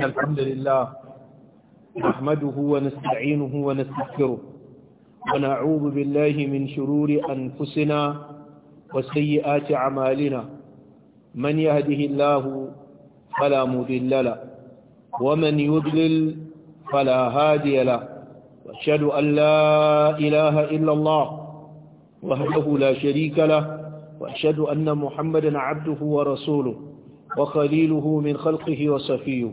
إن الحمد لله نحمده ونستعينه ونستغفره ونعوذ بالله من شرور أنفسنا وسيئات أعمالنا من يهده الله فلا مذل له ومن يضلل فلا هادي له واشهد أن لا إله إلا الله وحده لا شريك له واشهد أن محمدا عبده ورسوله وخليله من خلقه وصفيه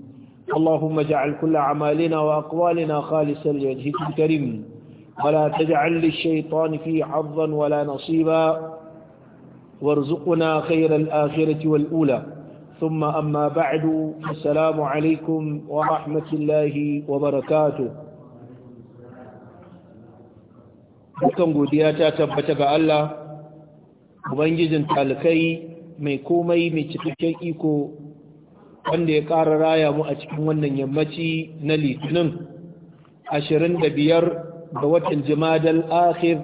اللهم اجعل كل أعمالنا وأقوالنا خالصا لوجهك الكريم ولا تجعل للشيطان فيه حظا ولا نصيبا وارزقنا خير الآخرة والأولى ثم أما بعد السلام عليكم ورحمة الله وبركاته Dukan godiya ta tabbata ga Allah, Ubangijin talakai mai komai mai cikakken iko wanda ya ƙara raya mu a cikin wannan yammaci na litinin biyar ga watan jimadal akhir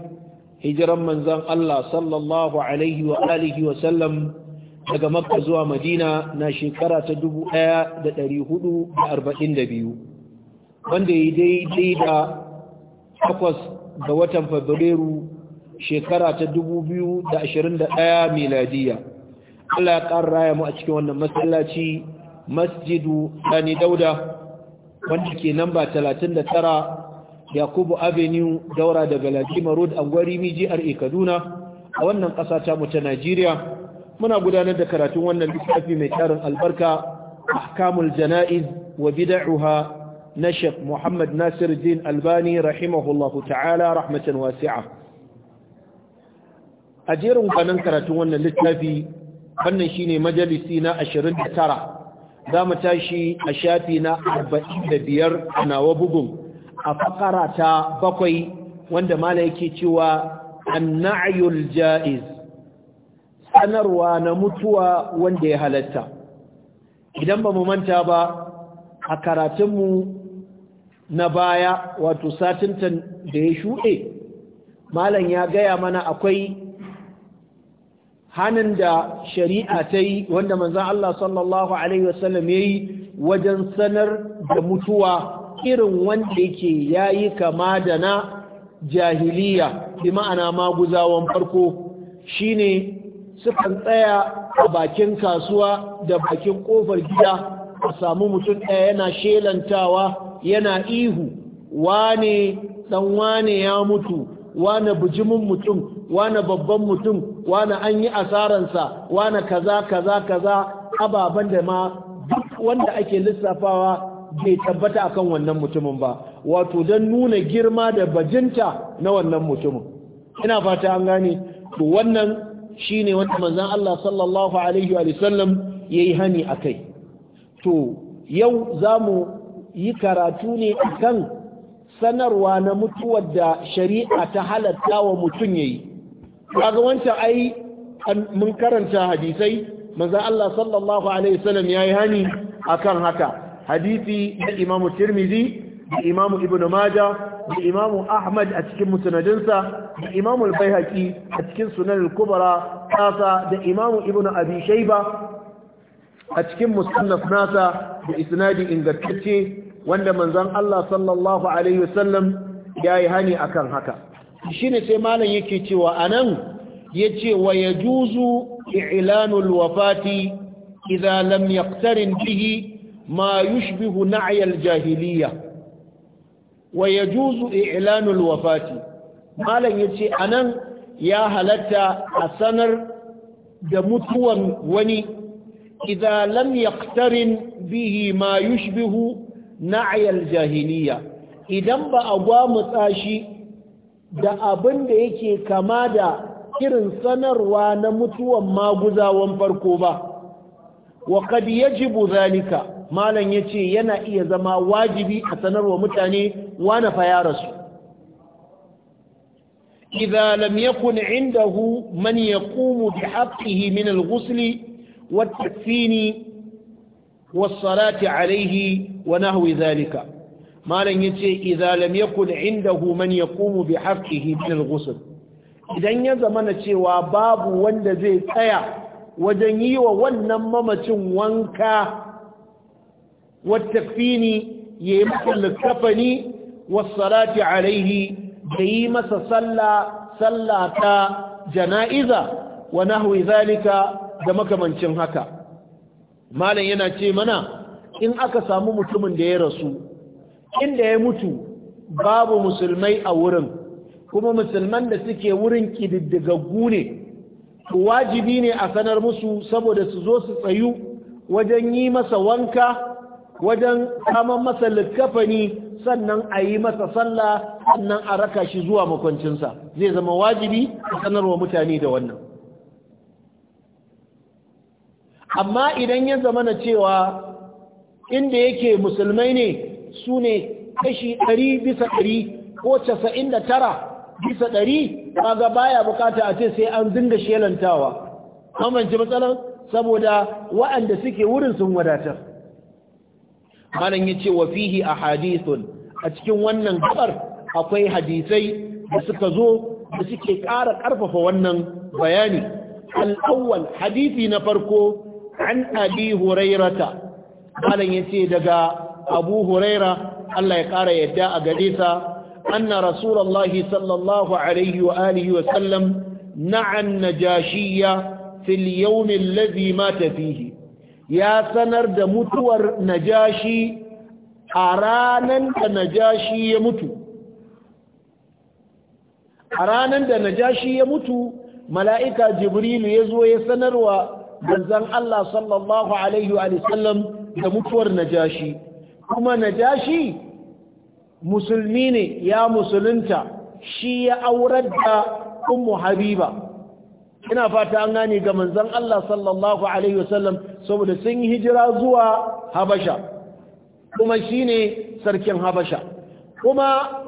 hijiran manzan Allah sallallahu alaihi wa alihi wa sallam daga makka zuwa madina na shekara ta biyu, wanda ya daidai da takwas ga watan fabrairu shekara ta 2021 miladiya Allah ya ƙara raya mu a cikin wannan masallaci masjidu sani dauda wanda ke namba 39 yakubu avenue daura da galadima road angwari miji kaduna a wannan ƙasa ta mu najeriya muna gudanar da karatun wannan littafi mai tarin albarka ahkamul jana'iz wa bida'uha na Muhammad Nasir Din Albani rahimahullahu ta'ala rahmatan wasi'a a jerin kwanan karatun wannan littafi wannan shine majalisi na 29 za mu tashi a shafi na 45 a nawa bugun a fakara ta bakwai wanda mala yake cewa annayul ja'iz sanarwa na mutuwa wanda ya halatta idan ba mu manta ba a karatunmu na baya wato satinta da ya shuɗe malam ya gaya mana akwai hannun da shari'a ta yi wanda manzan Allah sallallahu Alaihi wasallam ya yi wajen sanar da mutuwa irin wanda yake ya yi kama da na jahiliya bi ma'ana maguzawan farko shine sukan tsaya a bakin kasuwa da bakin kofar gida a samu mutum ɗaya yana shelantawa yana ihu wane ɗan wane ya mutu wane bujimin mutum wane babban mutum wane an yi asaransa wane kaza kaza kaza ababen da ma duk wanda ake lissafawa bai tabbata akan wannan mutumin ba wato don nuna girma da bajinta na wannan mutumin ina fata an gane to wannan shine wanda manzon Allah sallallahu alaihi wa sallam yayi hani akai to yau zamu yi karatu ne akan sanarwa na mutuwar da shari'a ta halatta wa mutum yayi kaga wancan ai mun karanta hadisai manzo Allah sallallahu alaihi wasallam yayi hani akan haka hadisi da Imam Tirmidhi da Imam Ibn Majah da Imam Ahmad a cikin musnadinsa da Imam Al-Baihaqi a cikin Sunan Al-Kubra kasa da Imam Ibn Abi Shayba a cikin musannaf nasa da isnadi ingantacce wanda manzon Allah sallallahu alaihi wasallam yayi hani akan haka shine sai malam yake cewa anan yace wa yajuzu i'lanul wafati idza lam yaqtarin bihi ma yushbihu na'y al-jahiliyya wa yajuzu i'lanul wafati malam yace anan ya halatta a sanar da mutuwan wani idza lam yaqtarin bihi ma yushbihu na'ayal jahiliya idan ba a gwamu tsashi da abin da yake kama da irin sanarwa na mutuwan maguzawan farko ba wa kad yajibu zalika malam yace yana iya zama wajibi a sanarwa mutane wani fa ya rasu idza lam yakun indahu man yaqumu bi haqqihi min al-ghusl wa والصلاة عليه ونحو ذلك ما لن يتي إذا لم يكن عنده من يقوم بحقه من الغسل idan ya zamana cewa babu wanda zai tsaya wajen yi wa wannan mamacin wanka wattafini ya yi masa wasalati alaihi da yi masa sallah sallah ta jana'iza wa nahwi zalika da makamancin haka malam yana ce mana in aka samu mutumin da ya rasu inda ya mutu babu musulmai a wurin kuma musulman da suke wurin kididdigaggu ne to wajibi ne a sanar musu saboda su zo su tsayu wajen yi masa wanka wajen kama masa likkafani sannan a yi masa sallah sannan a raka shi zuwa makwancinsa zai zama wajibi a sanarwa mutane da wannan amma idan ya zama na cewa inda yake musulmai ne su ne kashi ɗari bisa ɗari ko casa'in da tara bisa ɗari kaga baya bukata a ce sai an dinga shelantawa amince matsalar saboda waɗanda suke wurin sun wadatar malam ya ce wa fihi a a cikin wannan gabar akwai hadisai da suka zo da suke ƙara ƙarfafa wannan bayani al-awwal hadisi na farko an abi hurairata malam yace daga abu huraira Allah ya kara yadda a gare sa anna rasulullahi sallallahu alaihi wa alihi wa sallam na'an najashiyya fil yawm alladhi mata fihi ya sanar da mutuwar najashi a ranan da najashi ya mutu a ranan da najashi ya mutu mala'ika jibrilu ya zo ya sanarwa manzon Allah sallallahu alaihi da mutuwar najashi kuma najashi musulmi ne ya musulunta shi ya aurar da ummu habiba ina fata an gane ga manzon Allah sallallahu alaihi saboda sun yi hijira zuwa habasha kuma ne sarkin habasha kuma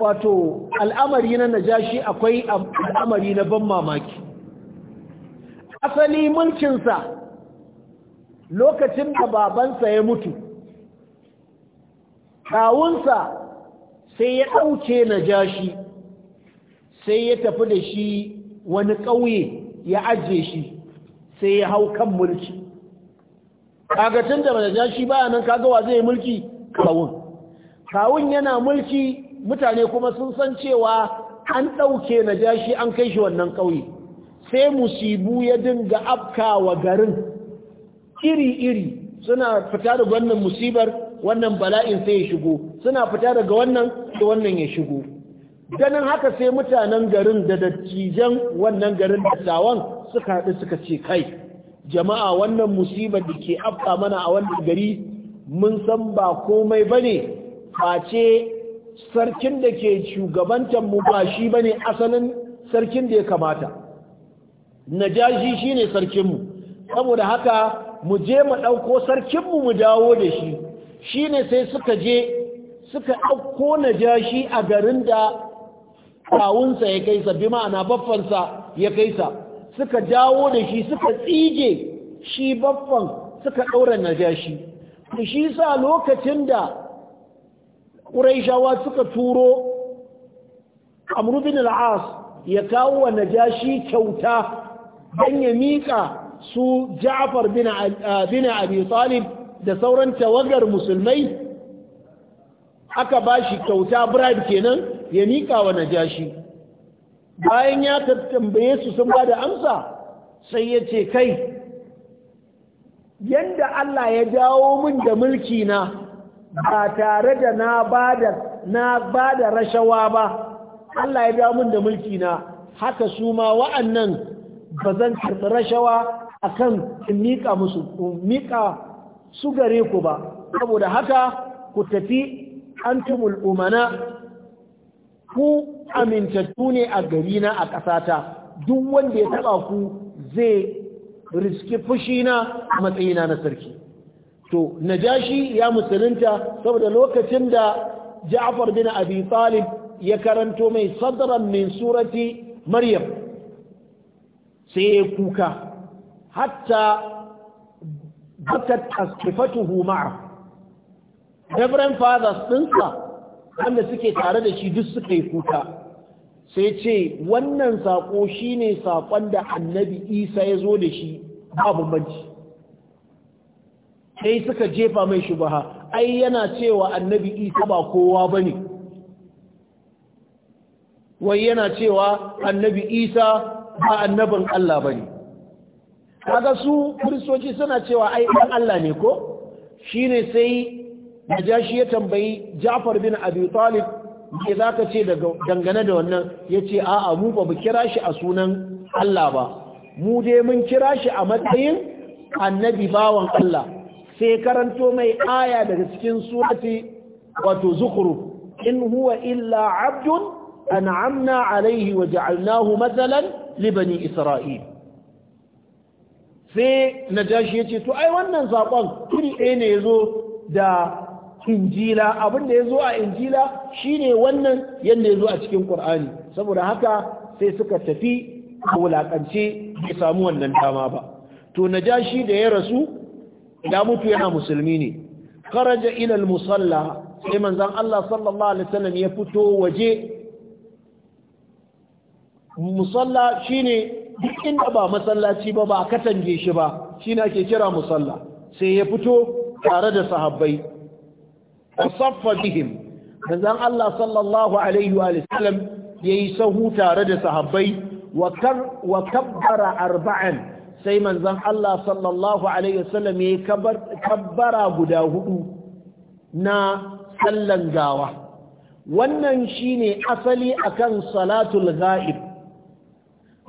wato al'amari na najashi akwai al'amari na ban mamaki asali mulkinsa lokacin da babansa ya mutu kawunsa sai ya ɗauke na jashi sai ya tafi da shi wani ƙauye ya ajiye shi sai ya hau kan mulki kagatun da na jashi baya nan kagawa zai mulki kawun kawun yana mulki mutane kuma sun san cewa an ɗauke na jashi an kai shi wannan ƙauye sai musibu ya dinga afka wa garin iri-iri suna fita daga wannan musibar wannan bala'in sai ya shigo suna fita daga wannan da wannan ya shigo ganin haka sai mutanen garin da dattijan wannan garin da dattawan suka haɗu suka ce kai jama'a wannan musibar da ke afka mana a wannan gari mun san ba komai bane face sarkin da ke shugabantar mu ba shi bane asalin sarkin da ya kamata najashi shine sarkinmu saboda haka mu je mu ɗauko sarkinmu mu dawo da shi shine sai suka je suka ɗauko najashi a garin da kawunsa ya kaisa bi ma'ana baffansa ya kaisa suka dawo da shi suka tsige shi baffan suka ɗaura najashi shi sa lokacin da ƙuraishawa suka turo amru bin al'as ya kawo wa najashi kyauta don ya miƙa su ja'far bin abi talib da sauran tawagar musulmai aka bashi shi kyauta bribe kenan ya miƙa wa najashi bayan ya tambaye su sun bada amsa sai ya ce kai Yadda Allah ya jawo min da mulki na ba tare da na ba da na ba rashawa ba Allah ya jawo min da mulki na haka su ma wa'annan ba zan karɓi rashawa a kan in miƙa musu miƙa su gare ku ba saboda haka ku tafi an tumul umana ku amintattu ne a garina a ƙasata duk wanda ya taɓa ku zai riski na a matsayina na sarki to najashi ya musulunta saboda lokacin da ja'far bin abi talib ya karanto mai sadran min surati maryam sai ya kuka hatta bakat asqifatuhu ma'a Reverend Fathers ɗinsa wanda suke tare da shi duk suka yi kuka sai ce wannan saƙo shi ne saƙon da annabi isa ya zo da shi babu manci. sai suka jefa mai shubaha ai yana cewa annabi isa ba kowa ba ne wai yana cewa annabi isa ba annabin Allah bane kaga su kristoci suna cewa ai dan Allah ne ko shine sai najashi ya tambayi Ja'far bin Abi Talib za zaka ce daga dangane da wannan Ya ce a'a mu ba mu kira shi a sunan Allah ba mu dai mun kira shi a matsayin annabi bawan Allah sai karanto mai aya daga cikin surati wato zuhru. in huwa illa abdun أنعمنا عليه وجعلناه مثلا لبني إسرائيل sai najashi ya ce to ai wannan saƙon iri ɗaya ne ya zo da injila abin da ya zo a injila shine wannan yadda ya zo a cikin ƙur'ani saboda haka sai suka tafi a wulaƙance bai samu wannan dama ba to najashi da ya rasu da mutu yana musulmi ne kharaja ilal mu musalla sai manzon Allah sallallahu alaihi wasallam ya fito waje musalla shine duk inda ba masallaci ba ba a katange shi ba shine ake kira musalla sai ya fito tare da sahabbai saffa bihim manzon Allah sallallahu alaihi wa sallam yayi sahu tare da sahabbai wa kar wa kabbara arba'an sai manzon Allah sallallahu alaihi wa sallam yayi kabbara guda hudu na sallan gawa wannan shine asali akan salatul ghaib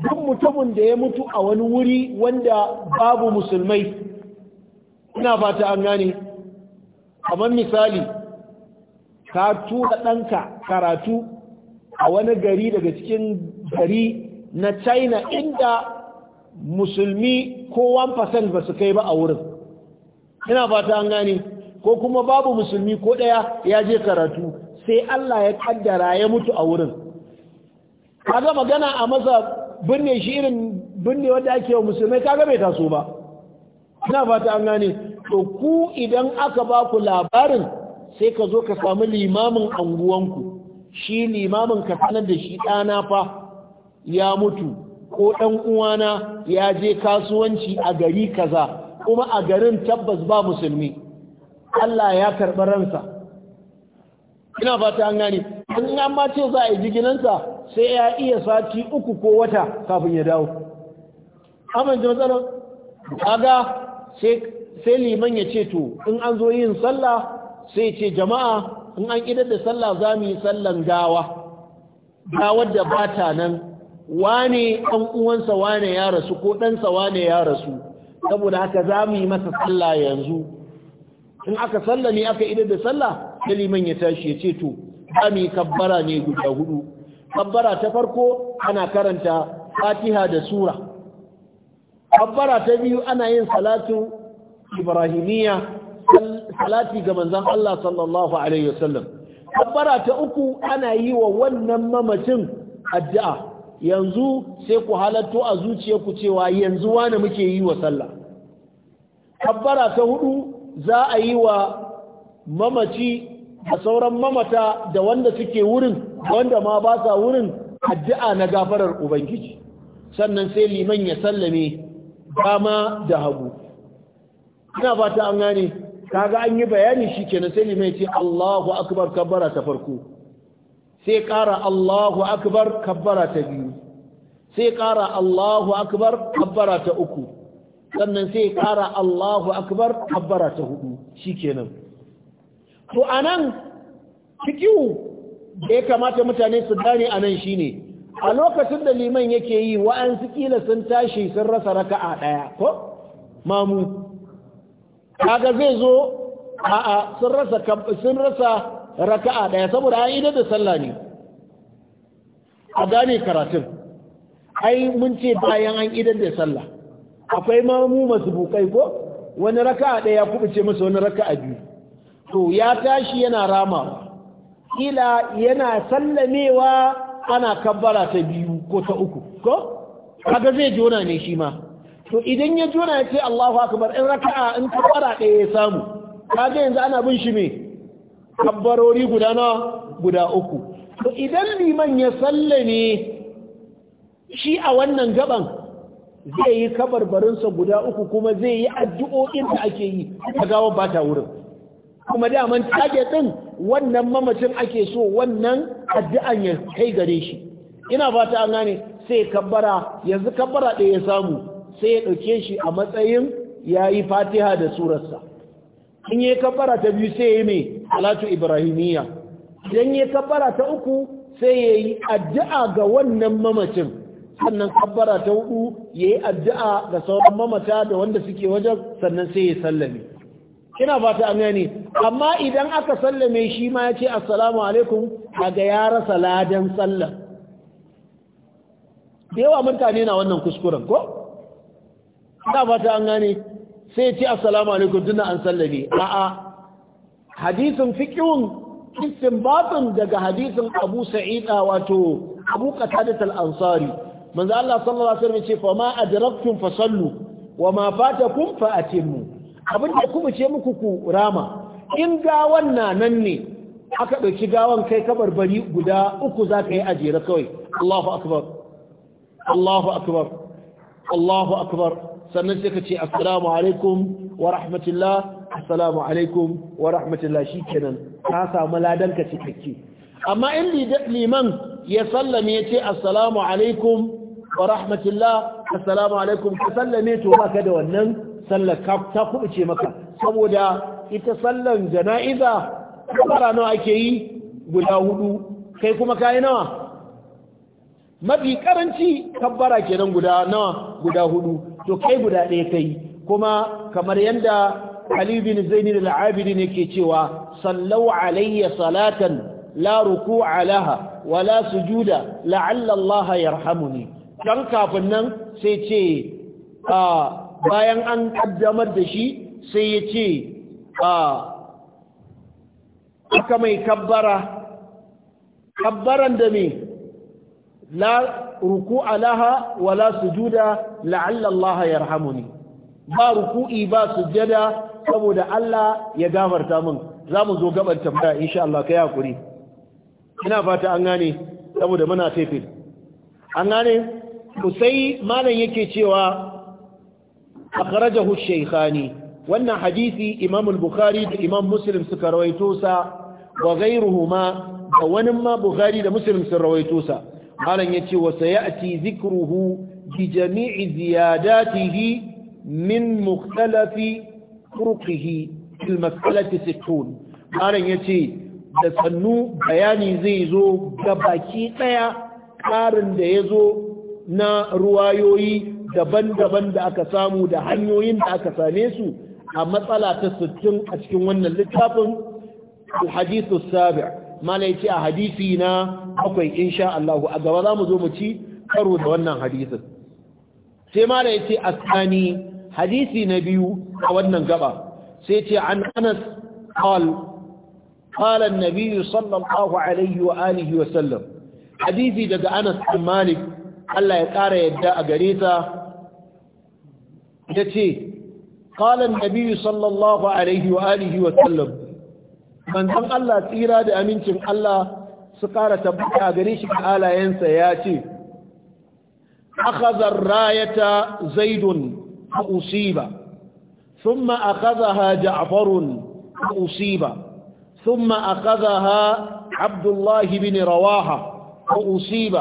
duk mutumin da ya mutu a wani wuri wanda babu musulmai ina fata an gane kamar misali ka tura ɗanka karatu a wani gari daga cikin gari na china inda musulmi ko 1% ba su kai ba a wurin ina fata an gane ko kuma babu musulmi ko ɗaya ya je karatu sai allah ya kaddara ya mutu a wurin kaga magana a masa binne shi irin binne wanda ake wa musulmai kaga bai taso ba ina fata an gane to ku idan aka ba ku labarin sai ka zo ka samu limamin anguwanku shi limamin ka sanar da shi ɗana fa ya mutu ko ɗan uwana ya je kasuwanci a gari kaza kuma a garin tabbas ba musulmi Allah ya karɓi ransa ina fata an gane an ma ce za a yi jiginansa sai ya iya sati uku ko wata kafin ya dawo da matsalar kaga sai liman ya ce to in an zo yin sallah sai ce jama'a in an idar da sallah za mu yi sallan gawa gawar da ba ta nan wane ɗan uwansa wane ya rasu ko dan sa wane ya rasu saboda haka za mu yi masa sallah yanzu in aka sallah aka idar da sallah liman ya tashi ya ce to za mu yi kabbara ne guda hudu Ƙabbara ta farko ana karanta fatiha da sura Ƙabbara ta biyu ana yin salatu ibrahimiyya salati ga manzon Allah sallallahu alaihi wasallam ta uku ana yi wa wannan mamacin addu'a yanzu sai ku halatto a ku cewa yanzu wani muke yi wa sallah Ƙabbara ta hudu za a yi wa mamaci da sauran mamata da wanda suke wurin wanda ma ba sa wurin addu'a na gafarar ubangiji sannan sai liman ya sallame dama da hagu ina fata an gane kaga an yi bayani shi kenan sai liman ya ce Allahu akbar kabbara ta farko sai ƙara Allahu akbar kabbara ta biyu sai ƙara Allahu akbar kabbara ta uku sannan sai ƙara Allahu akbar kabbara ta hudu shikenan to anan fikihu da ya kamata mutane su gane a nan shine a lokacin da liman yake yi wa'ansu kila sun tashi sun rasa raka'a ɗaya ko mamu kaga zai zo a'a sun rasa sun rasa raka'a ɗaya saboda an idar da sallah ne a gane karatun ai mun ce bayan an idar da sallah akwai mamu masu bukai ko wani raka'a ɗaya kubuce masa wani raka'a biyu to ya tashi yana ramawa. kila yana sallamewa ana kabbara ta biyu ko ta uku ko kaga zai jona ne shi ma to idan ya jona ya ce Allahu akbar in raka'a in kabbara ɗaya ya samu kaga yanzu ana bin shi me kabbarori guda nawa guda uku to idan liman ya sallame shi a wannan gaban zai yi kabarbarinsa guda uku kuma zai yi addu'o'in da ake yi ta gawar ba ta wurin kuma daman tage din wannan mamacin ake so wannan addu'an ya kai gare shi ina fata an gane sai kabbara yanzu kabbara ɗaya ya samu sai ya ɗauke shi a matsayin ya yi fatiha da surarsa in yi kabbara ta biyu sai ya yi mai alatu ibrahimiyya idan yi kabbara ta uku sai ya yi addu'a ga wannan mamacin sannan kabbara ta hudu ya yi addu'a ga sauran mamata da wanda suke wajen sannan sai ya sallame Kina ba ta amani amma idan aka sallame shi ma ya ce assalamu alaikum kaga ya rasa ladan sallah da yawa mutane na wannan kuskuren ko Kina ba ta amani sai ya ce assalamu alaikum tunda an sallame a'a hadisin fiqhun istinbatun daga hadisin Abu Sa'ida wato Abu Qatadah al-Ansari manzo Allah sallallahu alaihi wasallam ya ce fa ma adraktum fasallu wa ma fatakum fa atimmu abin da kuma ce muku ku rama in gawan na nan ne aka ɗauki gawan kai kabarbari guda uku za ka yi a jere kawai Allahu akbar Allahu akbar Allahu akbar sannan sai ka ce assalamu alaikum wa rahmatullah assalamu alaikum wa rahmatullah shikenan ka samu ladan ka cikakke amma in liman ya sallame ya ce assalamu alaikum wa rahmatullah assalamu alaikum ka sallame to ka da wannan sallar ta ce maka saboda ita sallar jana'iza kabara nawa ake yi guda hudu kai kuma kayi nawa mafi karanci kabbara kenan guda nawa guda hudu to kai guda ɗaya kai kuma kamar yadda Ali bin Zainul al-Abidi ne ke cewa sallau alayya salatan la ruku'a laha wala sujuda la'alla Allah yarhamuni dan kafin nan sai ce a ah, bayan an kaddamar da shi sai ya ce aka mai kabbara kabbaran da mai la ruku'a laha wala sujuda la'alla ya rahamuni. ba ruku'i ba sujada saboda Allah ya gafarta min mu zo gaban tambaya insha Allah kai hakuri ina fata an gane saboda muna tafi an gane ku sai malam yake cewa akhrajahu shaykhani wannan hadisi imam bukhari da imam muslim suka rawaito sa wa ghayruhuma da wani ma bukhari da muslim sun rawaito sa malan yace wa sayati zikruhu bi jami'i ziyadatihi min mukhtalafi turqihi fil mas'alati 60 malan yace da sannu bayani zai zo ga baki daya karin da ya zo. na ruwayoyi daban-daban da aka samu da hanyoyin da aka same su a matsala ta 60 a cikin wannan littafin alhadithu sabi mana yace a hadisi na akwai insha Allah a gaba za mu zo mu ci karo da wannan hadisin sai mana a asani hadisi na biyu a wannan gaba sai ce an Anas qal قال النبي صلى alaihi عليه وآله وسلم حديثي دقى أنس بن malik. Allah ya ƙara yadda a gare ta ta ce ƙalan nabiyu sallallahu alaihi wa alihi wa sallam manzon Allah tsira da amincin Allah su ƙara tabbata a gare shi da alayensa ya ce akhazar rayata zaidun a usiba ثم أخذها جعفر فأصيب ثم أخذها عبد الله بن رواحة فأصيب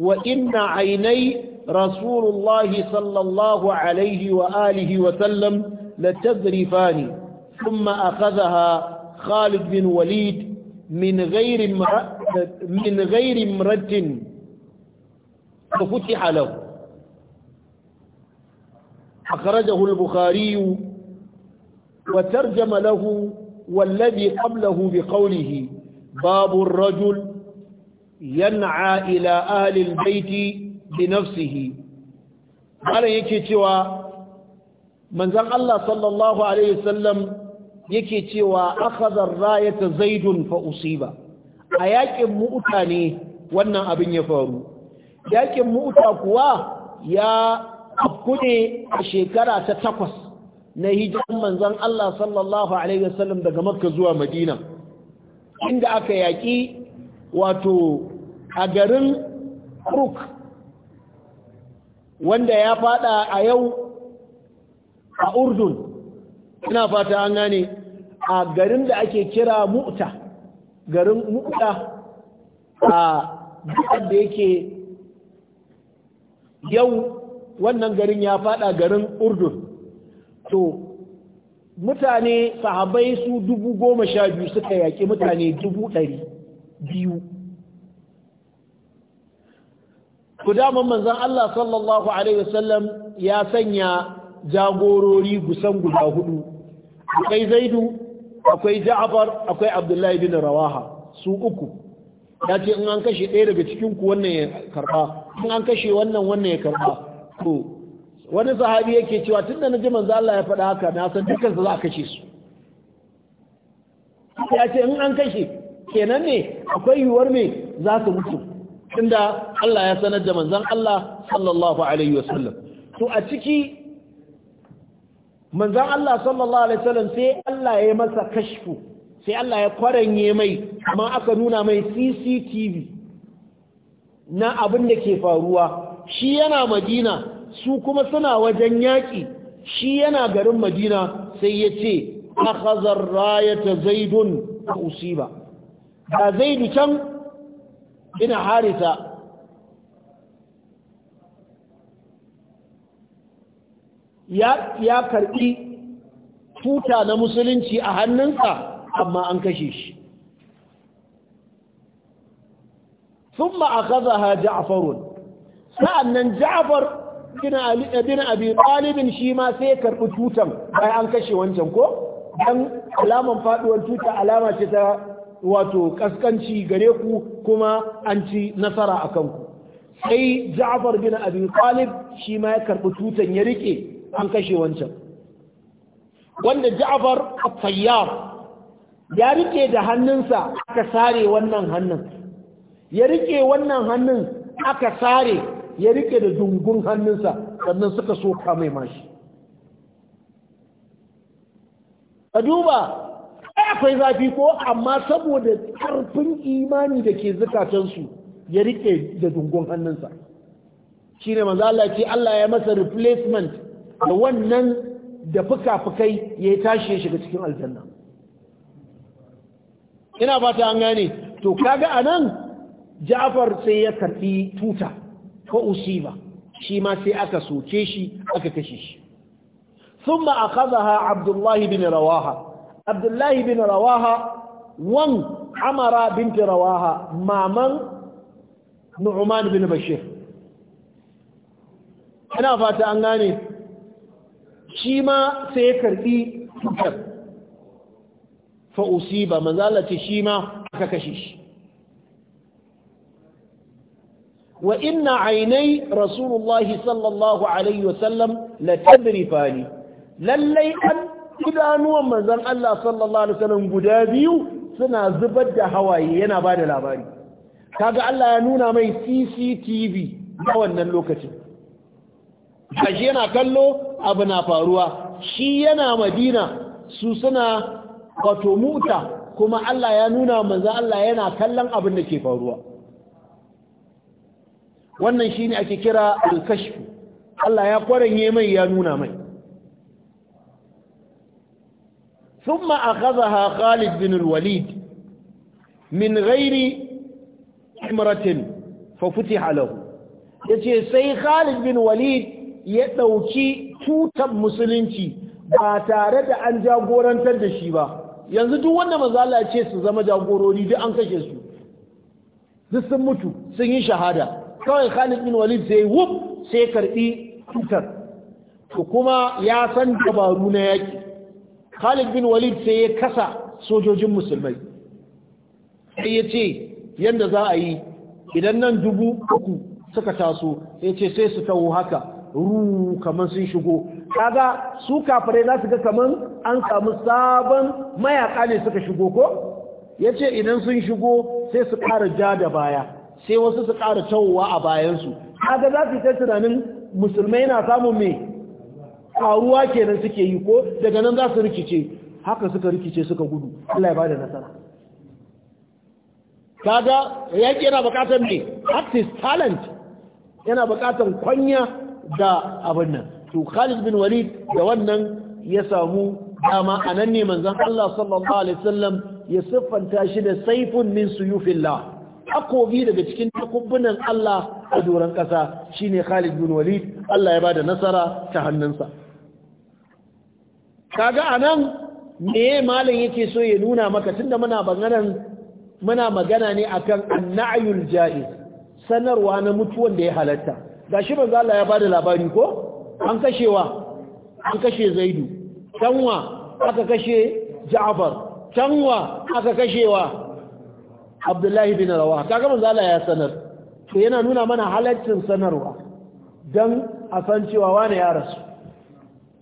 وإن عيني رسول الله صلى الله عليه وآله وسلم لتذرفان ثم أخذها خالد بن وليد من غير من غير امرة ففتح له أخرجه البخاري وترجم له والذي قبله بقوله باب الرجل yan'a ila ahlil baiti bi nafsihi malam yake cewa manzan Allah sallallahu alaihi wasallam yake cewa akhadha rayata zaidun fa a yakin mu'uta ne wannan abin ya faru yakin mu'uta kuwa ya afku a shekara ta takwas na hijiran manzon Allah sallallahu alaihi wasallam daga makka zuwa madina inda aka yaƙi wato a garin Kruk wanda ya fada a yau a Urdun ina fata an gane a garin da ake kira Mu'ta garin Mu'ta a dukkan da yake yau wannan garin ya fada garin Urdun to mutane sahabai su dubu goma sha biyu suka yaƙi mutane dubu ɗari biyu ku daman manzan Allah sallallahu alaihi wasallam ya sanya jagorori gusan guda hudu akwai zaidu akwai ja'afar, akwai abdullahi bin rawaha su uku ya ce in an kashe ɗaya daga cikinku wannan ya karɓa, in an kashe wannan wannan ya karɓa. to wani sahabi yake cewa tun da na ji manzo Allah ya faɗa haka na san dukkan za a kashe su ya ce in an kashe kenan ne akwai yiwuwar me za su mutu tunda Allah ya sanar da manzon Allah sallallahu alaihi wasallam to a ciki manzon Allah sallallahu alaihi wasallam sai Allah ya masa kashfu sai Allah ya kwaranye mai amma aka nuna mai CCTV na abin da ke faruwa shi yana Madina su kuma suna wajen yaki shi yana garin Madina sai ya ce akhazar rayata zaidun usiba da zaidu can ina Harisa ya karɓi tuta na musulunci a hannunsa amma an kashe shi sun ma'akaza ha ja'afarun sa'annan ja'afar bin abi ɗalibin shi ma sai karɓi tutan bayan an kashe wancan ko don alamar faɗuwar tuta alama ce ta wato kaskanci gare ku kuma an ci nasara a kanku sai ja'far bin abi talib shi ma ya karɓi tutan ya rike an kashe wancan wanda ja'afar a tayyar ya rike da hannunsa aka sare wannan hannun ya rike wannan hannun aka sare ya rike da dungun hannunsa sannan suka soka mai mashi ka duba akwai zafi ko amma saboda ƙarfin imani da ke zukatansu ya rike da dungon hannunsa shi ne maza Allah ce Allah ya masa replacement da wannan da fuka-fukai ya tashi ya shiga cikin aljanna ina fata an gane to kaga anan Ja'far sai ya karfi tuta ko usiba shi ma sai aka soke shi aka kashe shi Sun kaza ha abdullahi bin Rawaha abdullahi bin rawaha wan amara binti rawaha maman nu'man bin bashir ina fata an gane shi ma sai ya karbi cutar fa usiba manzala ce shi ma aka kashe shi wa inna ainai rasulullahi sallallahu alaihi wasallam la tadrifani lallai an idanuwan manzon Allah sallallahu alaihi wasallam guda biyu suna zubar da hawaye yana ba da labari kaga Allah ya nuna mai CCTV a wannan lokacin kashi yana kallo abu na faruwa shi yana madina su suna wato muta kuma Allah ya nuna manzan Allah yana kallon abin da ke faruwa wannan shi ne ake kira alkashfu Allah ya kwaranye mai ya nuna mai ثم أخذها خالد بن الوليد من غير عمرة ففتح له yace sai Khalid bin Walid ya ɗauki tutar musulunci ba tare da an jagorantar da shi ba yanzu duk wanda manzala ya ce su zama jagorori duk an kashe su duk sun mutu sun yi shahada kawai Khalid bin Walid zai wuf sai karɓi tutar Ku kuma ya san dabaru na yaki Khalid bin Walid sai ya kasa sojojin musulmai sai ya ce yadda za a yi idan nan dubu uku suka taso ya ce sai su tawo haka ru kamar sun shigo kaga su kafirai za su ga kamar an samu sabon mayaka ne suka shigo ko ya ce idan sun shigo sai su kara ja da baya sai wasu su kara tawowa a bayansu kaga za su yi ta tunanin musulmai na samun mai karuwa kenan suke yi ko daga nan za su rikice haka suka rikice suka gudu Allah ya bada nasara kaga yaki yana bukatar ne artist talent yana bukatar kwanya da abin nan to Khalid bin Walid da wannan ya samu dama anan ne manzon Allah sallallahu alaihi wasallam ya siffanta shi da saifun min suyufillah Akobi daga cikin takubbunan Allah a doron ƙasa shine Khalid bin Walid Allah ya bada nasara ta hannunsa kaga anan me malam yake so ya nuna maka tunda muna muna magana ne akan annayul jaiz sanarwa na mutuwan da ya halatta gashi manzo Allah ya bada labari ko an kashewa an kashe Zaidu canwa aka kashe Ja'far canwa aka kashewa Abdullahi bin Rawah kaga manzo Allah ya sanar to yana nuna mana halaccin sanarwa dan a san cewa wane ya rasu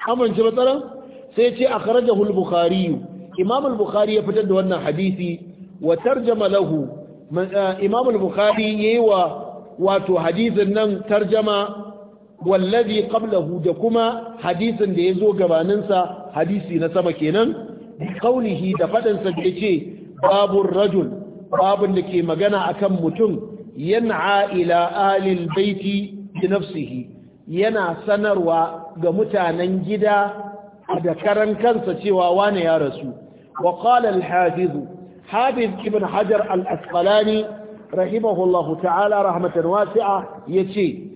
amince matsalar? sai ce a al-bukhari imam al-bukhari ya fitar da wannan hadisi wa tarjama lahu eh, imam al-bukhari yayi wa wato hadisin nan tarjama wallazi qablahu da kuma hadisin da yazo gabanin sa hadisi na sama kenan kaulihi da faɗansa sa yace babu rajul babun da ke magana akan mutum yan'a ila alil baiti bi nafsihi yana sanarwa ga mutanen gida da karan kansa cewa wane ya rasu wa qala al-hafiz hafiz ibn hajar al-asqalani rahimahullahu ta'ala rahmatan wasi'a yace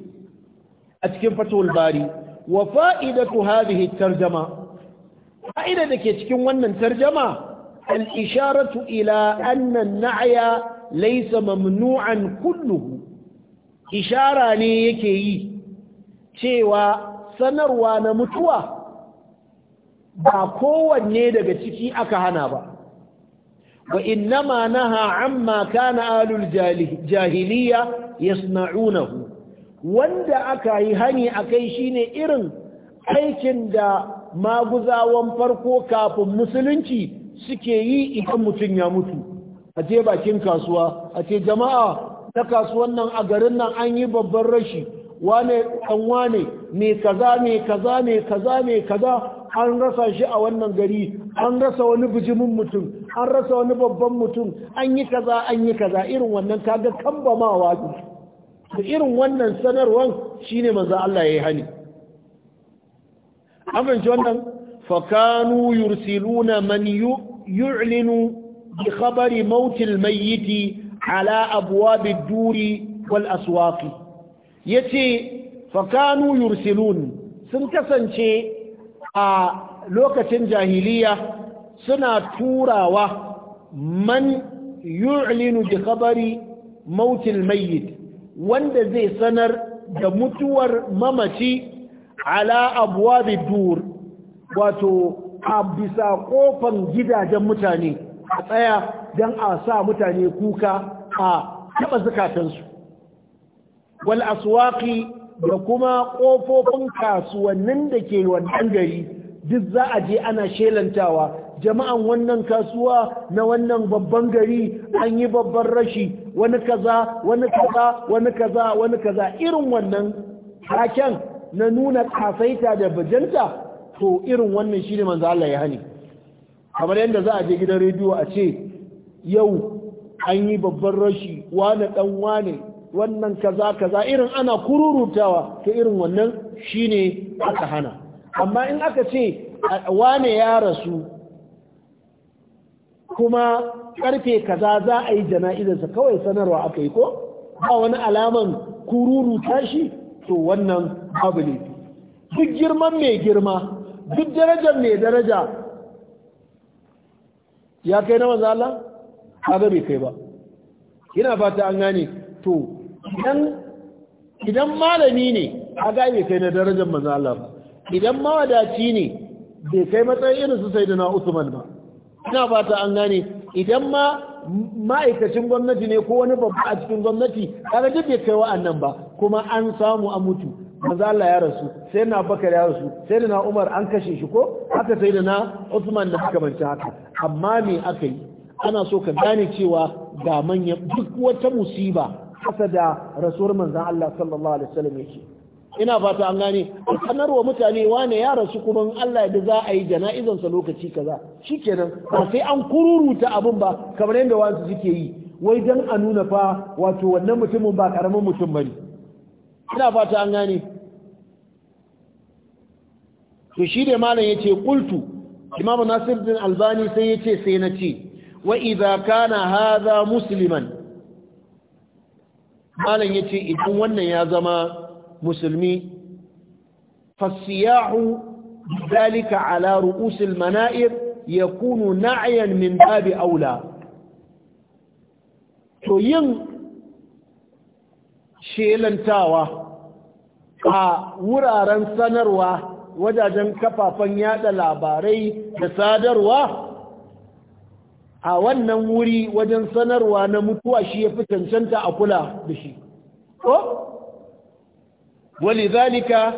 a cikin fatul bari wa fa'idatu hadhihi tarjama fa'ida dake cikin wannan tarjama al-isharatu ila anna an-na'ya laysa mamnu'an kulluhu ishara ne yake yi cewa sanarwa na mutuwa ba kowanne daga ciki aka hana ba wa innama naha amma kana alul jahiliya yasna'unahu wanda aka yi hani akai shine irin aikin da maguzawan farko kafin musulunci suke yi idan mutum ya mutu a ce bakin kasuwa a ce jama'a ta kasuwan nan a garin nan an yi babban rashi wane ɗan wane mai kaza mai kaza mai kaza mai kaza an rasa shi a wannan gari an rasa wani bijimin mutum an rasa wani babban mutum an yi kaza an yi kaza irin wannan kaga kambamawa da irin wannan sanarwan shine manzo Allah yi hani amince wannan fakanu yursiluna man yu'linu bi khabari mautil mayyit ala abwab ad-duri wal aswaq yace fakanu yursilun sun kasance a lokacin jahiliya suna turawa man yu'linu bi khabari mautil mayyit wanda zai sanar da mutuwar mamaci ala abwabi dur wato a bisa kofan gidajen mutane a tsaya don a sa mutane kuka a taɓa zukatansu wal aswaqi da kuma ƙofofin kasuwannin da ke wannan gari duk za a je ana shelantawa jama'an wannan kasuwa na wannan babban gari an yi babban rashi wani kaza wani kaza wani kaza wani kaza irin wannan haken na nuna kasaita da bajanta to irin wannan shi ne manzo Allah ya hani kamar yadda za a je gidan rediyo a ce yau an yi babban rashi wani dan wane wannan kaza kaza irin ana kururutawa ta irin wannan shine aka hana amma in aka ce wane ya rasu kuma karfe kaza za a yi jana'izarsa kawai sanarwa aka yi ko ba wani alaman kururuta shi to wannan babu ne duk girman mai girma duk darajar mai daraja ya kai na wanzala Allah ga bai kai ba yana fata an gane to idan malami ne aga bai kai na darajar manzon idan mawadaci ne bai kai matsayin irin su na Usman ba ina fata an gane idan ma ma'aikacin gwamnati ne ko wani babba a cikin gwamnati kaga duk bai kai wa'annan ba kuma an samu a mutu Mazalla Allah ya rasu sai na bakar ya rasu sai na Umar an kashe shi ko haka sai na Usman da suka manci haka amma me aka yi ana so ka gane cewa ga manyan duk wata musiba kasa da rasuwar manzan Allah sallallahu alaihi wasallam yake ina fata an gane sanarwa mutane wane ya rasu kuma Allah da za a yi jana'izansa lokaci kaza shikenan ba sai an kururuta abin ba kamar yadda wasu suke yi wai don a nuna fa wato wannan mutumin ba karamin mutum ba ne. ina fata an gane to shi da malam ce kultu, imam nasiruddin albani sai ya ce sai na ce wa idza kana hadha musliman malam yace idan wannan ya zama musulmi fasiyahu dalika ala ru'usil ya yakunu na'yan min babi aula to yin shelantawa a wuraren sanarwa wajajen kafafen yada labarai da sadarwa a wannan wuri wajen sanarwa na mutuwa shi ya fi cancanta a kula da shi ko? wani zalika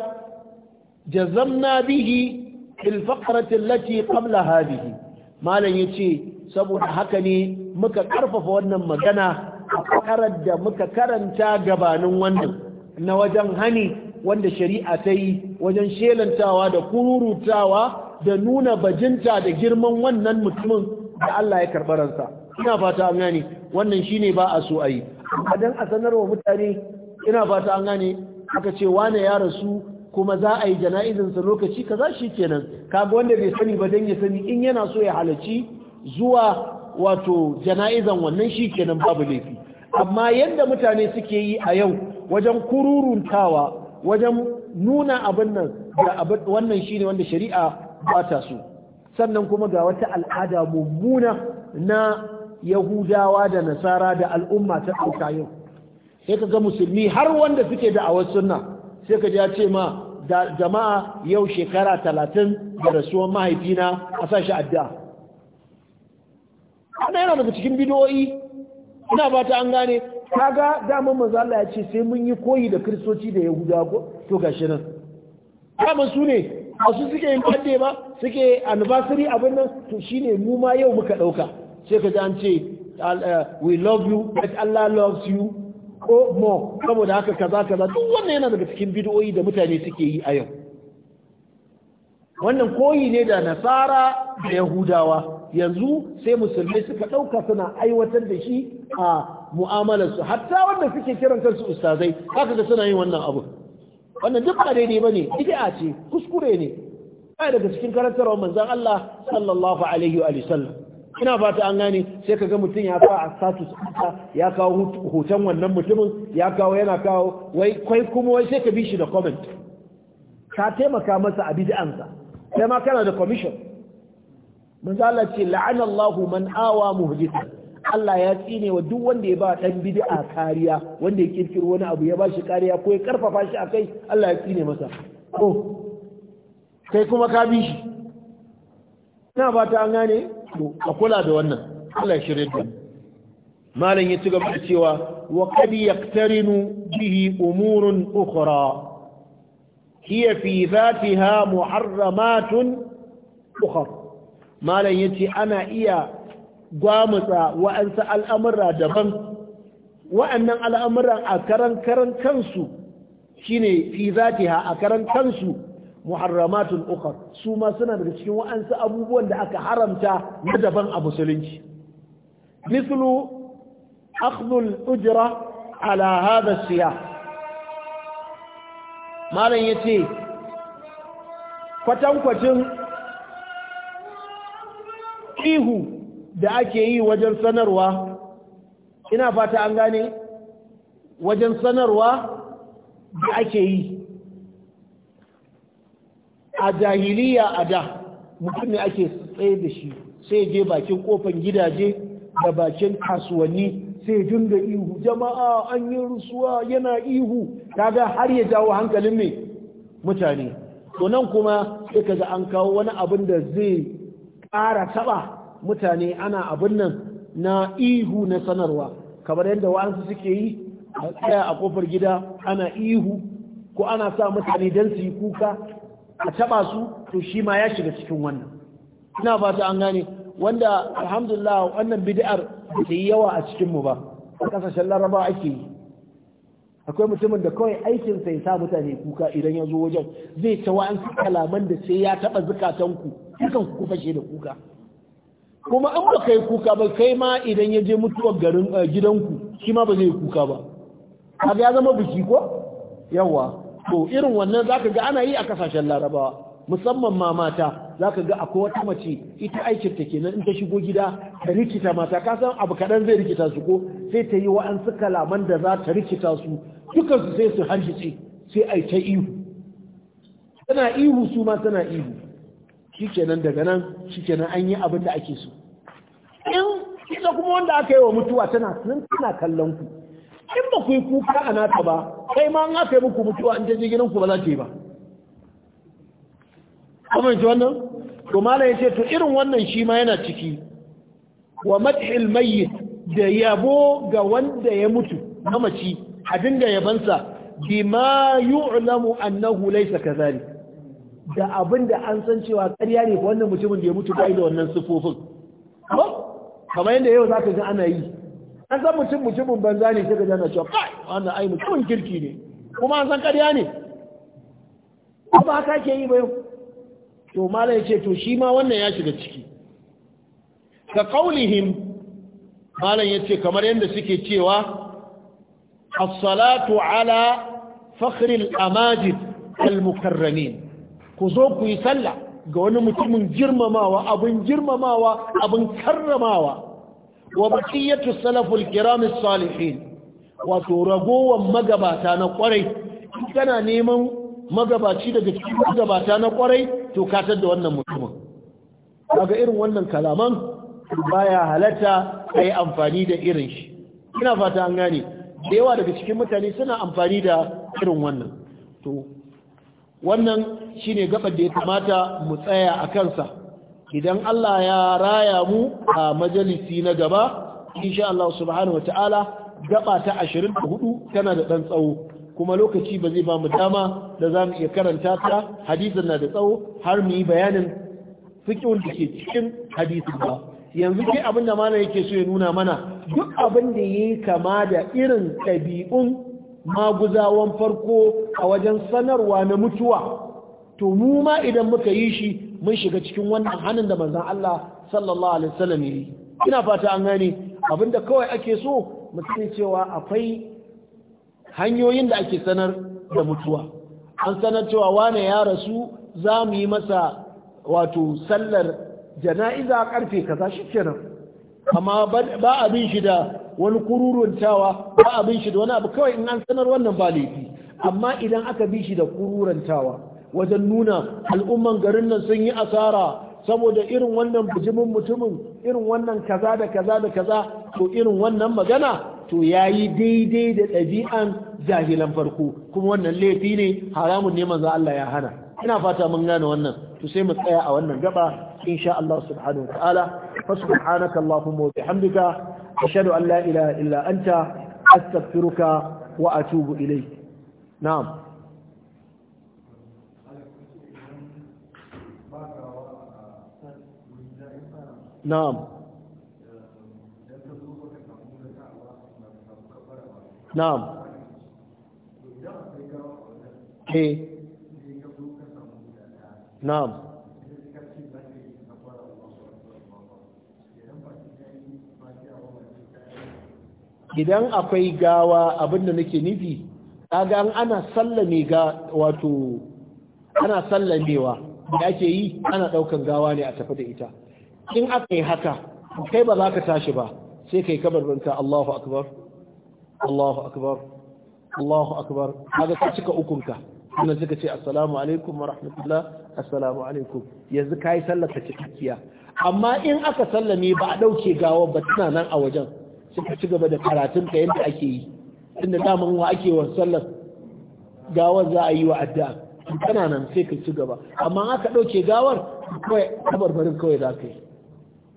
jazamna bihi ilfakaratin lati kamla Malam malon ya ce saboda haka ne muka ƙarfafa wannan magana a karar da muka karanta gabanin wannan na wajen hani wanda shari'a ta yi wajen shelantawa da kururutawa da nuna bajinta da girman wannan mutumin da Allah ya karɓi ransa ina fata an gane wannan shine ba a so ayi dan a sanarwa mutane ina fata an gane aka ce wane ya rasu kuma za a yi sa lokaci kaza shi kenan kaga wanda bai sani ba dan ya sani in yana so ya halarci zuwa wato jana'izan wannan shi kenan babu laifi amma yadda mutane suke yi a yau wajen kururuntawa wajen nuna abin nan da wannan shine wanda shari'a ba ta so sannan kuma ga wata al'ada mummuna na yahudawa da nasara da al'umma ta ɗauka yau sai ka ga musulmi har wanda suke da awar sunna sai ka ya ce ma da jama'a yau shekara talatin da rasuwan mahaifina a sashi addu'a ana yana daga cikin bidiyoyi ina ba ta an gane ga ga maza Allah ya ce sai mun yi koyi da kiristoci da yahudawa to gashi nan dama su ne Wasu suke yin birthday ba suke anniversary abin nan to shine mu ma yau muka ɗauka. sai ka ji an ce eh, we love you but Allah loves you ko more saboda haka kaza kaza duk wannan yana daga cikin bidiyoyi da mutane suke yi a yau wannan koyi ne da nasara da yahudawa yanzu sai musulmai suka ɗauka suna aiwatar da shi a mu'amalarsu hatta wanda suke kiran kansu ustazai haka da suna yin wannan abu wannan duk ba daidai bane bid'a ce kuskure ne ai daga cikin karantarwar manzon Allah sallallahu alaihi wa sallam ina fata an gane sai kaga mutum ya fa a status ya kawo hoton wannan mutumin ya kawo yana kawo wai kai kuma wai sai ka bi shi da comment ka taimaka masa a bid'ansa sai ma kana da commission manzo Allah ce la'anallahu Allahu man awa muhdithan Allah ya tsine wa duk wanda ya ba dan a kariya wanda ya kirkiro wani abu ya ba shi kariya ko ya karfafa shi a kai, Allah ya tsine masa ko kai kuma ka bi shi ina ba ta an gane to a kula da wannan Allah ya shirye da malam ya ci gaba da cewa wa qad yaqtarinu bihi umurun ukhra hiya fi dhatiha muharramatun ukhra malam yace ana iya gwamutsa wa'ansu al'amura daban wa'annan al'amuran a karan karan kansu shine fi zatiha a karan kansu muharramatun ukar su ma suna daga cikin wa'ansu abubuwan da aka haramta na daban a musulunci mislu akhdhul ujra ala hadha siyah malam yace kwatankwacin ihu da ake yi wajen sanarwa ina fata an gane wajen sanarwa da ake yi a jahiliya a da mutum ne ake tsaye da shi sai je bakin kofan gidaje da bakin kasuwanni sai dinga ihu jama'a an yi rusuwa yana ihu Ta kaga har ya jawo hankalin mai mutane to nan kuma sai kaga an kawo wani abin da zai ƙara taɓa mutane ana abin nan na ihu na sanarwa kamar yadda wa'ansu suke yi a tsaya a kofar gida ana ihu ko ana sa mutane don su yi kuka a taba su to shi ma ya shiga cikin wannan ina fata an gane wanda alhamdulillah wannan bid'ar da yi yawa a cikin mu ba a kasashen laraba ake yi akwai mutumin da kawai aikin sai sa mutane kuka idan ya zo wajen zai ta wa'ansu kalaman da sai ya taba zukatan ku ku fashe da kuka kuma an ba kai kuka ba kai ma idan ya je mutuwar garin eh, gidanku shi ma ba zai kuka ba kaga ya zama biki ko yawa to irin wannan zaka ga ana yi a kasashen larabawa musamman ma mata zaka ga akwai wata mace ita aikin ta kenan in ta shigo gida ta rikita mata ka san abu kadan zai rikita su ko sai ta yi wa'ansu kalaman da za ta rikita su dukansu sai su harjice sai ai ta ihu tana ihu su ma tana ihu shikenan daga nan shikenan an yi abin da ake so in ita kuma wanda aka yi wa mutuwa tana sun tana kallon ku in ba ku yi kuka a nata ba kai ma an aka yi muku mutuwa in ta je gidan ku ba za ta yi ba kamar ta wannan to malam yace to irin wannan shi ma yana ciki wa madhil mayyit da yabo ga wanda ya mutu na mace a dinga yabansa bima yu'lamu annahu laysa kadhalik da abin da an san cewa ƙarya ne wannan mutumin da ya mutu bai da wannan sifofin kamar yadda yau za ka ji ana yi an san mutum mutumin banza ne sai ka jana cewa kai wannan ai mutumin kirki ne kuma an san ƙarya ne ko ba haka ke yi ba yau to malam ce to shi ma wannan ya shiga ciki ka qaulihim malam yace kamar yadda suke cewa as-salatu ala fakhril amajid al-mukarramin ku zo ku yi sallah ga wani mutumin girmamawa abin girmamawa abin karramawa wa baqiyatu salaful kiram salihin wato ragowan magabata na kwarai kana neman magabaci daga cikin magabata na kwarai to katar da wannan mutumin Kaga irin wannan kalaman baya halata kai amfani da irin shi ina fata an gane da yawa daga cikin mutane suna amfani da irin wannan to wannan shine gaɓan da ya kamata mu tsaya a kansa idan Allah ya raya mu a majalisi na gaba insha Allah subhanahu wataala gaba ta 24 tana da ɗan tsawo kuma lokaci ba zai ba mu dama da zamu iya karanta ta hadisin na da tsawo har mu yi bayanin fiqhun da ke cikin hadisin ba yanzu dai abin da mana yake so ya nuna mana duk abin da yayi kama da irin ɗabi'un maguzawan farko a wajen sanarwa na mutuwa to mu ma idan muka yi shi mun shiga cikin wannan hannun da manzan Allah sallallahu alaihi wasallam yi ina fata an gane abinda kawai ake so mutum cewa akwai hanyoyin da ake sanar da mutuwa an sanar cewa wane ya rasu za mu yi masa wato sallar jana'iza karfe kaza shikenan amma ba abin shi da wani kururuntawa ba abin shi da wani abu kawai in an sanar wannan ba laifi amma idan aka bi shi da kururantawa wajen nuna al'umman garin nan sun yi asara saboda irin wannan bijimin mutumin irin wannan kaza da kaza da kaza to irin wannan magana to yayi daidai da ɗabi'an jahilan farko kuma wannan laifi ne haramun ne manzo Allah ya hana ina fata mun gane wannan to sai mu tsaya a wannan gaba insha Allah subhanahu wa ta'ala fa subhanaka allahumma wa bihamdika ashhadu an la ilaha illa anta astaghfiruka na'am na'am na'am na'am idan akwai gawa abin da nake nufi kaga an ana sallame ga wato ana sallamewa da ake yi ana daukan gawa ne a tafi da ita in aka yi haka kai ba za ka tashi ba sai kai kabarbanka Allahu akbar Allahu akbar Allahu akbar kaga ka cika ukunka kuma suka ce assalamu alaikum wa assalamu alaikum yanzu kai sallar ta cikakkiya amma in aka sallame ba a dauke gawa ba tana nan a wajen suka ci gaba da karatun ta yadda ake yi inda daman wa ake wa sallar gawar za a yi wa addu'a kana nan sai ka ci gaba amma aka ɗauke gawar kawai kabarbarin kawai za ka yi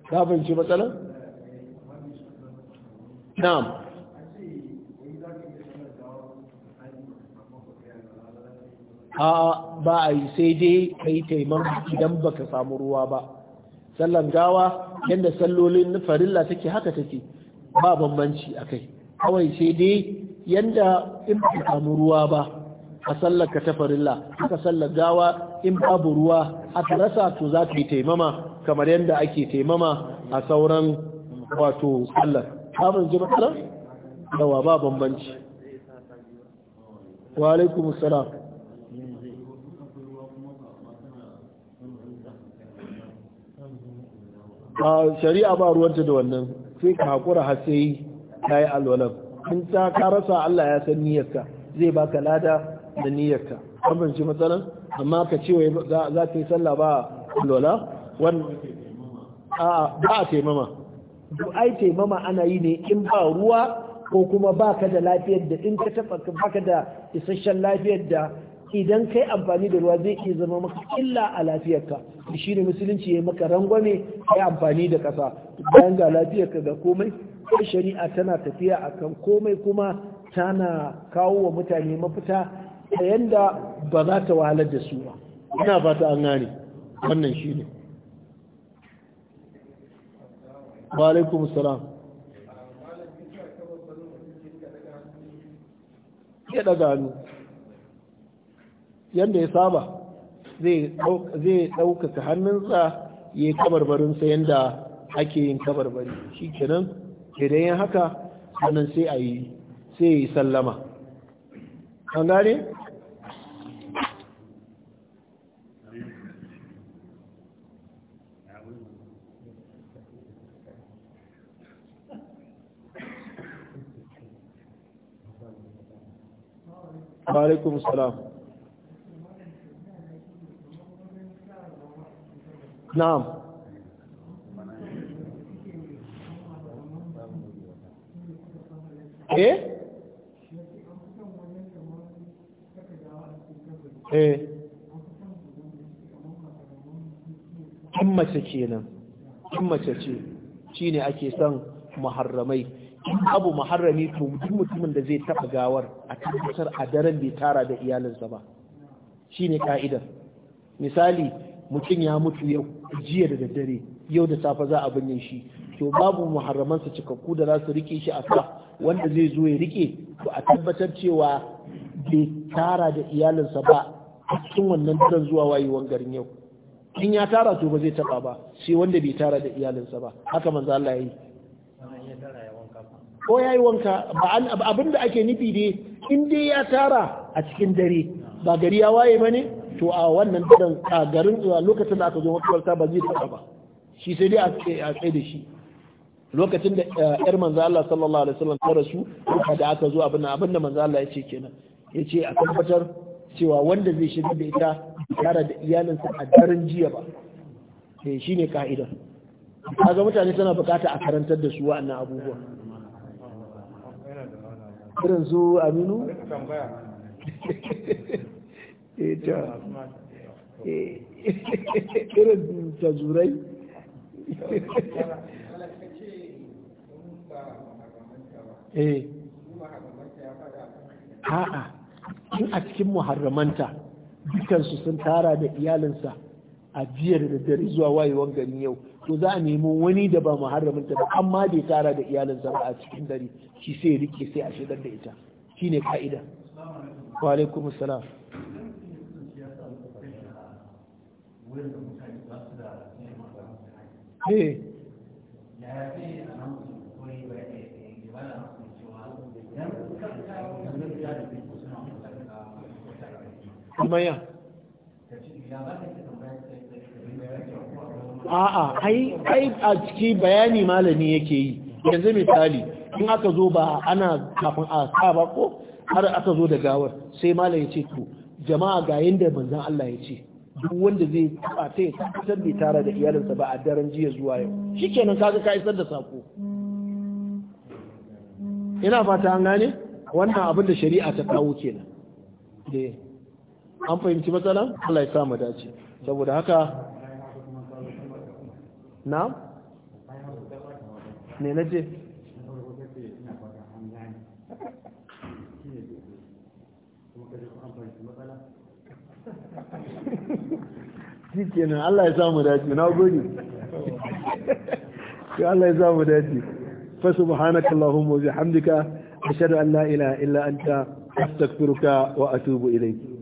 ka fahimci matsalar na'am a ba a yi sai dai ka yi taimak idan baka samu ruwa ba sallan gawa yadda sallolin farilla take haka take ba bambanci a kai kawai sai dai yanda in ba samu ruwa ba a sallar ka tafarilla aka sallar gawa in babu ruwa aka rasa to za ta yi taimama kamar yadda ake taimama a sauran wato sallar kafin ji matsalar yawa ba bambanci wa alaikum salam shari'a ba ruwanta da wannan sai ka hakura har sai ka yi alwalar in ta ka rasa Allah ya san niyyarka zai baka lada da niyyarka an fahimci matsalar amma ka ce wai za ta yi sallah ba alwala ba a taimama ai taimama ana yi ne in ba ruwa ko kuma baka da lafiyar da in ka ba baka da isasshen lafiyar da idan kai amfani da ruwa zai iya zama maka illa a lafiyarka shi ne musulunci ya maka rangwame ya amfani da ƙasa bayan ga lafiyarka ga komai kai shari'a tana tafiya akan komai kuma tana kawo wa mutane mafita ta yanda ba za ta wahalar da su ba ina fata an gane wannan shi ne wa alaikum ya daga hannu yadda ya saba zai ɗaukaka hannunsa ya yi kabarbarinsa yadda ake yin kabarbari shi kenan idan yin haka sannan sai a yi sai ya yi sallama an gane? alaikum salam na'am eh, eh. mace kenan in mace ce shine ake son muharramai in abu muharrami to duk mutumin da zai taba gawar a tabbatar a daren bai tara da iyalinsa ba shine ka'idar misali mutum ya mutu yau jiya da daddare yau da safe za a binne shi to babu muharraman sa cikakku da za su rike shi a ka wanda zai zo ya rike to a tabbatar cewa bai tara da iyalinsa ba a cikin wannan daren zuwa wayewan garin yau in ya tara to ba zai taba ba sai wanda bai tara da iyalinsa ba haka manzo Allah yayi ko yayi wanka ba abinda ake nufi dai in dai ya tara a cikin dare ba gari ya waye bane to a wannan dan a garin lokacin da aka zo ta ba zai taɓa ba shi sai dai a tsaye da shi lokacin da yar eh, manzo Allah sallallahu alaihi wasallam ta rasu da aka zo abin abin da manzo Allah ya ce kenan yace a tabbatar cewa wanda zai shiga da ita tare da iyalinsa a daren jiya ba sai eh, shine ka'ida kaga mutane suna bukata a karantar da su wa'annan abubuwa irin su aminu ta eh, eh, irin eh. a'a in a cikin muharramanta dukansu sun tara da iyalinsa a jiyar da dare zuwa wayewan gani yau to za a nemi wani da ba muharraminta ba amma ya tara da iyalinsa ba a cikin dare shi sai rike sai a shigar da ita shine ka'ida wa alaikum salaam. a'a ai a ciki bayani malami yake yi yanzu misali in aka zo ba ana kafin a ka ba ko har aka zo da gawar sai malami ya ce to jama'a ga da manzon Allah ya ce duk wanda zai taba ta ya tabbatar bai tara da iyalinsa ba a daren jiya zuwa yau shikenan kaga ka isar da sako ina fata an gane wannan abin da shari'a ta kawo kenan da eh. an fahimci matsala Allah ya samu dace saboda haka na ne na je shi kenan Allah ya samu dace na gode shi Allah ya samu dace fa subhanaka allahumma wa bihamdika ashhadu an la ilaha illa anta astaghfiruka wa atubu ilayk